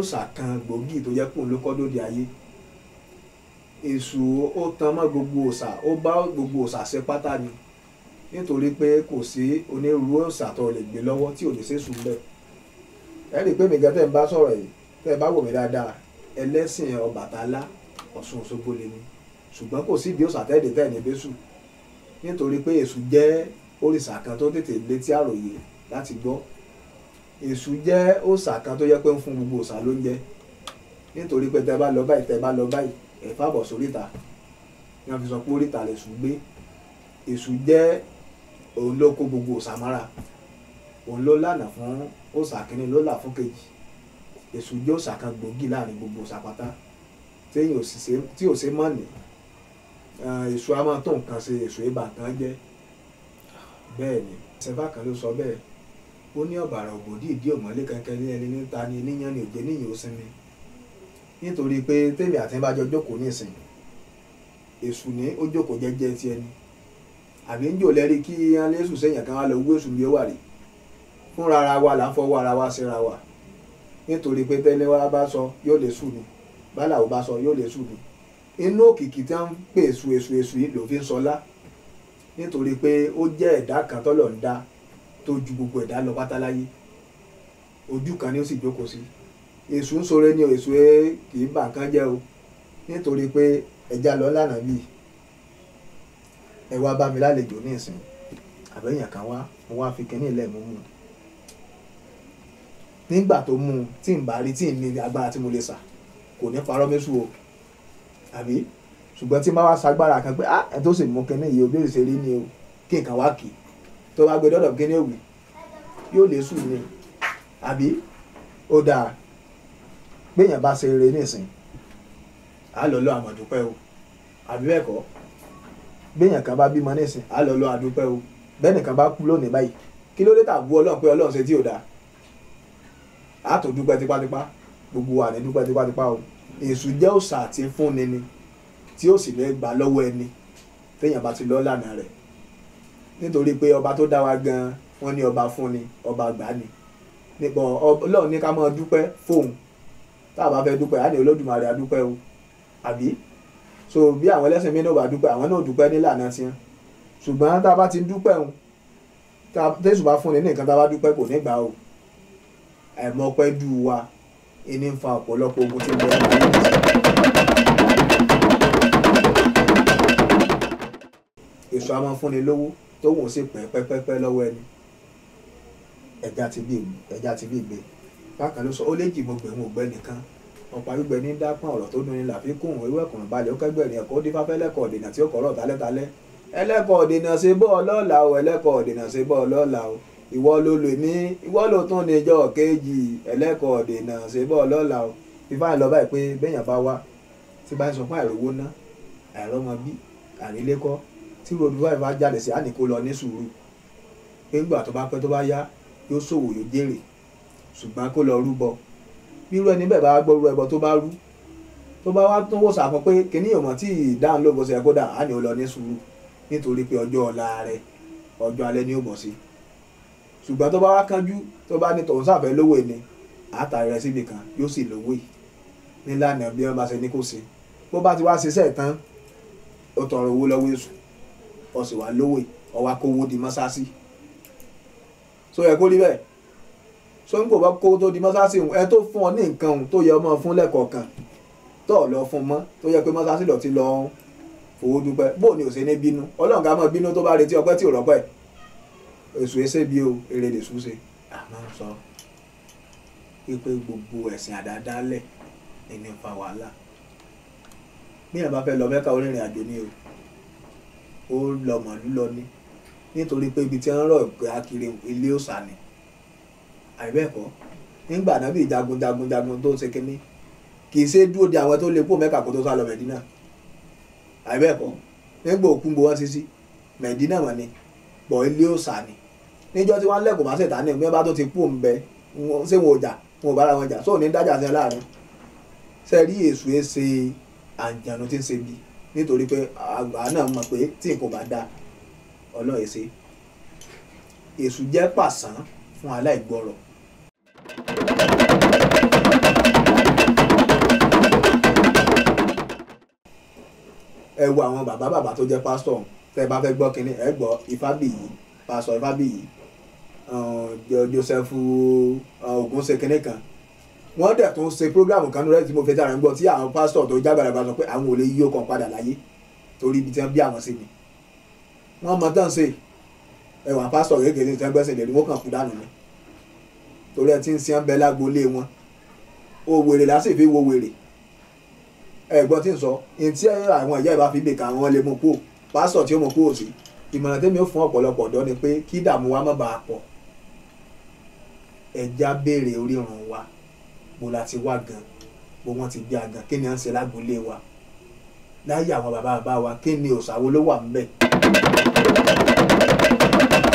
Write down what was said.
òòṣà kan gbòógì tó jẹ́ pòun ló kọ́ dóde ayé èṣù ó tan mọ́ gbogbo òòṣà ó bá gbogbo òòṣà ṣe pátá ni nítorí pé kò sí onírúurú òòṣà tó lè gbé lọ́wọ́ tí ò ní ṣèṣù ń bẹ̀ ẹ rí i pé mi gan tẹ́ ń bá sọ̀rọ̀ yìí tẹ́ ẹ bá wò mí dáadáa ẹlẹ́sìn Ọbàtálá Ọ̀ṣun Òṣogbo lè ní ṣùgbọ́n kò sídìí òòṣà tẹ́ẹ̀dẹ̀ tẹ́ẹ̀ ní bẹ́sù nítorí pé èṣù jẹ́ òrìṣà kan tó tètè létí àròyé láti gbọ́ èṣù jẹ́ òòṣà kan tó yẹ pé ń fún gbogbo òòṣà lóúnjẹ nítorí pé tẹ bá lọ báyìí tẹ bá lọ báyìí ẹ fàbọ̀ sóríta ni wọ́n fi sọ pé oríta lèṣù gbé èṣù jẹ́ òun ló kó gbogbo òòṣà mọ́ra òun ló lànà fún òòṣà kínní ló là fún kejì èṣù jẹ́ òòṣà kan gbòógì láàrin gbogbo òòṣà pátá tí ò ṣe mọ̀ ní eh, èṣù a máa tó nǹkan ṣe èṣù ìbàtàn jẹ́ bẹ́ẹ̀ ni ṣẹ́fà kan ló sọ bẹ́ẹ̀ ó ní ọ̀bàrà ògbòdì ìdí òmọ́lé kankan ní ẹni níta ní níyàn ní òjé níyàn ó sinmi nítorí pé tèmi àti ń bá jọ jókòó ní ìsìn èṣù ní ó jókòó jẹ́jẹ́ ti ẹni àbí ń jò lẹ́rí kí alẹ́sù sẹ́yìn kan wá lọ wú èṣù bí ó wà rí fúnra ara wa là ń fọwọ́ ara wa síra wa nítorí pé tẹ́lẹ̀ wa bá sọ yóò lè sùn ni bálàó bá sọ yóò lè sùn ni inú òkìkí tí wọ́n ń pè èṣù èṣù èṣù yìí ló fi ń sọlá nítorí pé ó jẹ́ ẹ̀dá kan tọ́lọ̀ ń dá tó ju gbogbo ẹ̀dá lọ pátáláyé ojú kan ni ó sì jókòó sí èṣù ń sọ̀rọ̀ ẹni èṣù ẹ e kì í bà nǹkan jẹ́ o nítorí pé ẹja lọ lànà bíi ẹ wá bá mi lálejò ní ìsìn àbẹ̀yàn kan wá mo wá fi kínní ilẹ̀ mú mú un nígbà tó mú un tí n bá rí tí n ní agbára tí mo lè sà kò ní parọ́ mẹ́sù o àbí ṣùgbọ́n tí n bá wá sagbára kan pé ah ẹ tó sì mú kínní yìí o bí ó sì rí ni o kí nǹkan wá kì í tó bá gbé dọ́dọ̀ kí ni òwì yóò lè sùn ní àbí ó dáa gbéyàn bá ṣe eré nísìn á lọ lọ àmọ̀dúpẹ́ o àbí bẹ́ẹ̀ kọ́ gbéyàn kan bá bímọ nísìn á lọ lọ àdúpẹ́ o bẹ́ẹ̀ni kan bá kú lónìí báyìí kí ló dé tà bú ọlọ́run pé ọlọ́run ṣe tí ò dáa á tó dúpẹ́ tipátipá gbogbo wa ní dúpẹ́ tipátipá o èṣù jẹ́ òòṣà àti fúnni ni tí ó sì lè gbà lọ́wọ́ ẹni téèyàn bá ti lọ́ lànà rẹ̀ nítorí pé ọba tó dá wa gan wọ́n ní ọba fún ni ọba gbà ni nípa ọlọ́run ní ká máa dúpẹ́ fóun tá a bá fẹ́ dúpẹ́ á ní olódùmarè á dúpẹ́ o àbí so bí àwọn ẹlẹ́sìn mi náà bá dúpẹ́ àwọn náà dúpẹ́ nílànà tiwọn ṣùgbọ́n tá a bá ti dúpẹ́ òun tẹ́sù bá fún ni nìkan tá a bá dúpẹ́ kò ní gbà o àìmọ̀pẹ́ dù wa ẹni ń fa ọ̀pọ̀lọpọ̀ ogun tí ń bẹ̀rẹ̀ láyé èso a máa fúnni lówó tóun sì pẹ́ pẹ́pẹ́pẹ́ lọ́wọ́ ẹni ẹja ti bí ẹja ti bí gbé bákan ló sọ ó lè jìbọn gbẹ̀hún ògbẹ́ nìkan ọ̀pá gbígbẹ ní dápọ̀n ọ̀rọ̀ tó dunni làfikún ewé ọkùnrin balẹ̀ ó kẹgbẹ̀rin ẹ̀kọ́ ó dín fáfẹ́ lẹ́kọ̀ọ́ dènà tí ó kọ̀ ọ̀rọ̀ tálẹ́tálẹ́ ẹlẹ́kọ̀ọ́ dènà ṣe bọ́ ọlọ́ọ̀la o ẹlẹ́kọ̀ọ́ dènà ṣe bọ́ ọlọ́ọ̀la o ìwọ ló lè mí ìwọ ló tún ní ìjọ kejì ẹlẹ́kọ̀ọ́ dènà ṣe bọ́ ọlọ́ọ̀la o fífa lọ báyìí pé bẹ́yàn bá wá tí bá ń sọ fún àìrówó ná àìrọ́mọ àrílékọ́ tí ròdù báyìí bá jáde sí àní kó lọ ní sùúrù pé ńgbà tó bá pẹ́ tó bá yá yóò ṣòwò yóò jèrè ṣùgbọ́n kó lọ rúbọ bírú ẹni bẹ́ẹ̀ bá gbọ́ rú ẹbọ tó bá rú tó bá wá tó wò sàkó pé kíní ìmọ̀ tí ìdáhùn ló bọ̀ sí ẹ̀kọ́ dà á ní o lọ ní sùúrù nítorí pé ọjọ́ ọ̀la rẹ ọjọ́ alẹ́ ni ó bọ̀ sí ṣùgbọ́n tó bá wá kánjú tó bá ní tòun sàfẹ́ lówó ni àtàrí rẹ síbi kan yóò sì lówó yìí nílànà bí wọ́n bá ṣe ní kó ṣe bó bá ti wá ṣiṣẹ́ tán ó tọrọ owó lọ́wọ́ èṣù ọ̀sìn wà lówè ọ̀wà kówó di mọ́sáàsì so ẹ kó rí bẹ́ẹ̀ so n kò bá kó tó di mọ́sáàsì ẹ tó fún ọ ní nǹkan tó yẹ ọmọ fún lẹ́kọ̀ọ́ kan tó ọ̀ lọ fún mọ́ tó yẹ pé mọ́sáàsì lọ ti lọ fowó dúpẹ́ bó ni ò ṣe ní bínú ọlọ́run ká mọ̀ bínú tó bá retí ọpẹ́ tí ò rọ́pẹ́ èsù ẹsẹ̀ bí o èrè lè sùn ṣe àmọ́ sọ pé gbogbo ẹ̀sìn àdáadáa lẹ̀ ní nípa wàhálà bí ẹ̀ bá fẹ́ lọ mẹ́ka onírìn àjò ni o ó lọmọlú lọ ni nítorí pé ibi tí wọ́n rọ̀ pé akiri ilé òòṣà ni àbí bẹ́ẹ̀ kọ́ nígbà náà bíi jagunjagun jagun tó ń ṣe kínní kì í ṣe dúró de àwọn tó lè pò mẹ́ka kó tó sá lọ mẹ̀dínà àbí bẹ́ẹ̀ kọ́ nígbà òkun gbowó sísí mẹ̀dínà wọn ni bọ̀ ilé òòṣà ni níjọ́ tí wọ́n lẹ́kọ̀ọ́ bá ṣètà ní ìgbẹ́ bá tó ti pò ń bẹ ṣé wọn ò jà wọn ò bára wọn jà sóò ní dájà sí ẹ láàrin ṣe rí èṣù ẹ ṣe àǹjànú tí ń ṣe bíi nítorí pé àgbà náà mọ̀ pé tí nǹkan bá dáa ọlọ́run èsè èṣù jẹ́ pàṣán fún aláìgbọ́rọ̀. ẹ wo àwọn bàbá bàbá tó jẹ́ pásítọ̀ tẹ́ bá fẹ́ gbọ́ kínní ẹ gbọ́ Ifábíyì pásítọ̀ Ifábíyì Joseph Ògúnṣe kínní kan wọ́n dẹ̀ tún ṣe program kan lórí tí mo fẹ́ dára ń gbọ́ tí àwọn pásítọ̀ tó jágbàlagbà sọ pé àwọn ò lè yí ọkàn padà láyé torí ibi tí wọ́n bí àwọn sí ni wọ́n mọ tán ṣe ẹwà pásítọ̀ gẹ́gẹ́ ní ìtẹ́gbẹ́sẹ̀ lẹ́nu wọ́n kàn kú dànù ni torí ẹ ti ń sin ẹ́ bẹ́ẹ́ lágboolé wọn o wèrè lásì fi wo wèrè ẹ̀gbọ́n tí ń sọ ntí àwọn ìyá ìbá fi bèkà àwọn lè mú kú pásítọ̀ tí ó mú kú òsì ìmọ̀ràn tẹ́mi ó fún ọ̀pọ̀lọpọ̀ ọ̀dọ́ ni pé kí ẹja béèrè orírun wa bó la ti wá gan bó wọ́n ti gbé agan kí ni à ń ṣe lágboolé wa láyé àwọn bàbá bàbá wa kí ni òòṣà ló wà ń bẹ̀.